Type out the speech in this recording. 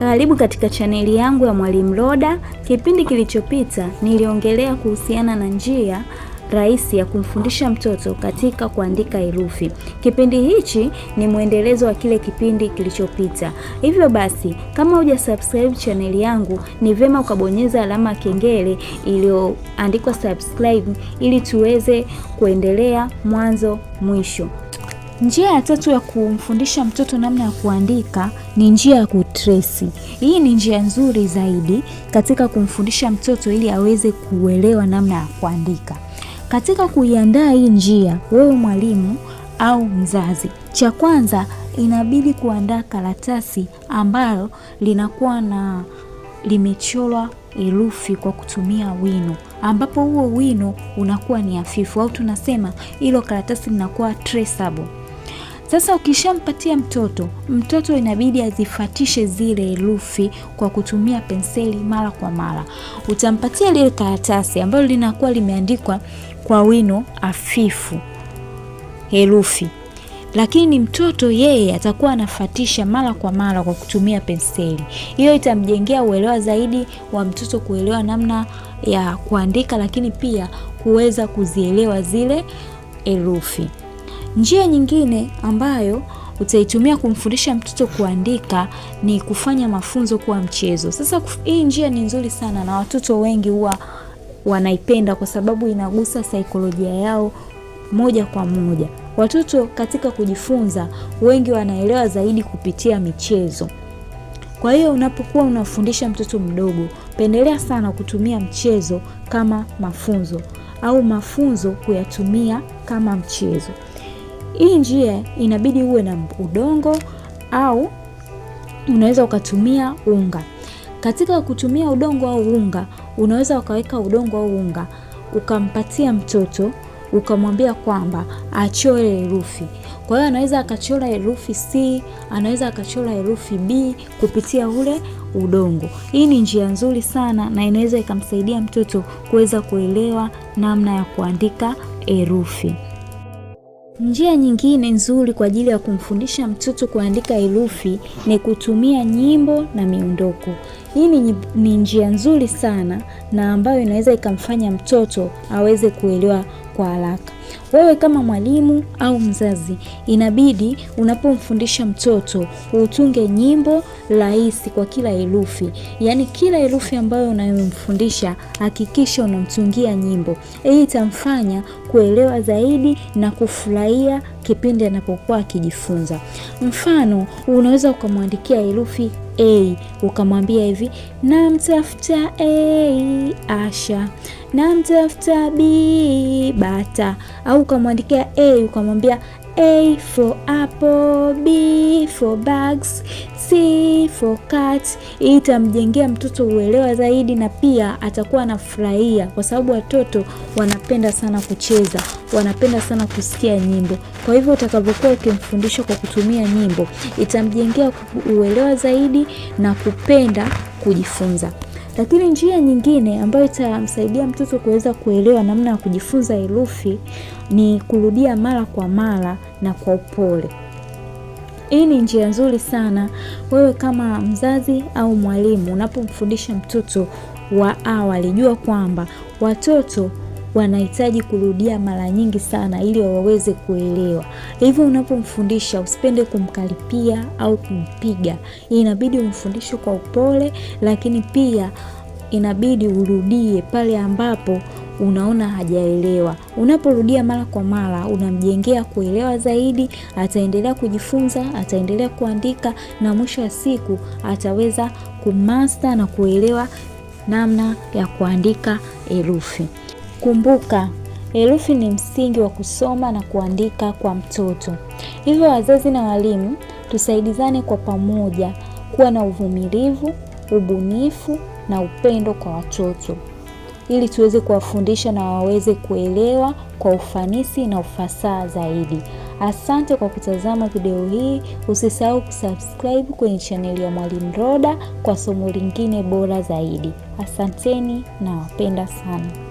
Karibu katika chaneli yangu ya Mwalimu Roda. Kipindi kilichopita niliongelea kuhusiana na njia rahisi ya kumfundisha mtoto katika kuandika herufi. Kipindi hichi ni mwendelezo wa kile kipindi kilichopita. Hivyo basi, kama huja subscribe chaneli yangu, ni vema ukabonyeza alama kengele iliyoandikwa subscribe ili tuweze kuendelea mwanzo mwisho. Njia ya tatu ya kumfundisha mtoto namna ya kuandika ni njia ya kutresi. Hii ni njia nzuri zaidi katika kumfundisha mtoto ili aweze kuelewa namna ya kuandika. Katika kuiandaa hii njia, wewe mwalimu au mzazi, cha kwanza inabidi kuandaa karatasi ambalo linakuwa na limechorwa herufi kwa kutumia wino ambapo huo wino unakuwa ni hafifu au tunasema hilo karatasi linakuwa traceable. Sasa ukishampatia mtoto, mtoto inabidi azifatishe zile herufi kwa kutumia penseli mara kwa mara. Utampatia lile karatasi ambalo linakuwa limeandikwa kwa wino hafifu herufi, lakini mtoto yeye atakuwa anafatisha mara kwa mara kwa kutumia penseli. Hiyo itamjengea uelewa zaidi wa mtoto kuelewa namna ya kuandika, lakini pia kuweza kuzielewa zile herufi. Njia nyingine ambayo utaitumia kumfundisha mtoto kuandika ni kufanya mafunzo kuwa mchezo. Sasa hii njia ni nzuri sana na watoto wengi huwa wanaipenda kwa sababu inagusa saikolojia yao moja kwa moja. Watoto katika kujifunza wengi wanaelewa zaidi kupitia michezo. Kwa hiyo unapokuwa unafundisha mtoto mdogo, pendelea sana kutumia mchezo kama mafunzo au mafunzo kuyatumia kama mchezo. Hii njia inabidi uwe na udongo au unaweza ukatumia unga. Katika kutumia udongo au unga, unaweza ukaweka udongo au unga ukampatia mtoto ukamwambia kwamba achore herufi. Kwa hiyo anaweza akachora herufi C, anaweza akachora herufi B kupitia ule udongo. Hii ni njia nzuri sana na inaweza ikamsaidia mtoto kuweza kuelewa namna ya kuandika herufi. Njia nyingine nzuri kwa ajili ya kumfundisha mtoto kuandika herufi ni kutumia nyimbo na miondoko. Hii ni njia nzuri sana na ambayo inaweza ikamfanya mtoto aweze kuelewa kwa haraka. Wewe kama mwalimu au mzazi, inabidi unapomfundisha mtoto utunge nyimbo rahisi kwa kila herufi, yaani kila herufi ambayo unayomfundisha hakikisha unamtungia nyimbo. Hii itamfanya kuelewa zaidi na kufurahia kipindi anapokuwa akijifunza. Mfano, unaweza ukamwandikia herufi A, ukamwambia hivi, namtafuta A Asha, namtafuta B Bata, au ukamwandikia A ukamwambia A for apple, B for bags, C for cat. Hii itamjengea mtoto uelewa zaidi na pia atakuwa anafurahia kwa sababu watoto wanapenda sana kucheza wanapenda sana kusikia nyimbo. Kwa hivyo utakavyokuwa ukimfundisha kwa kutumia nyimbo, itamjengea uelewa zaidi na kupenda kujifunza. Lakini njia nyingine ambayo itamsaidia mtoto kuweza kuelewa namna ya kujifunza herufi ni kurudia mara kwa mara na kwa upole. Hii ni njia nzuri sana, wewe kama mzazi au mwalimu unapomfundisha mtoto wa awali, jua kwamba watoto wanahitaji kurudia mara nyingi sana ili waweze kuelewa. Hivyo unapomfundisha usipende kumkaripia au kumpiga, inabidi umfundishe kwa upole, lakini pia inabidi urudie pale ambapo unaona hajaelewa. Unaporudia mara kwa mara, unamjengea kuelewa zaidi, ataendelea kujifunza, ataendelea kuandika na mwisho wa siku ataweza kumasta na kuelewa namna ya kuandika herufi. Kumbuka, herufi ni msingi wa kusoma na kuandika kwa mtoto. Hivyo wazazi na walimu tusaidizane kwa pamoja kuwa na uvumilivu, ubunifu na upendo kwa watoto ili tuweze kuwafundisha na waweze kuelewa kwa ufanisi na ufasaha zaidi. Asante kwa kutazama video hii. Usisahau kusubscribe kwenye chaneli ya Mwalimu Roda kwa somo lingine bora zaidi. Asanteni na wapenda sana.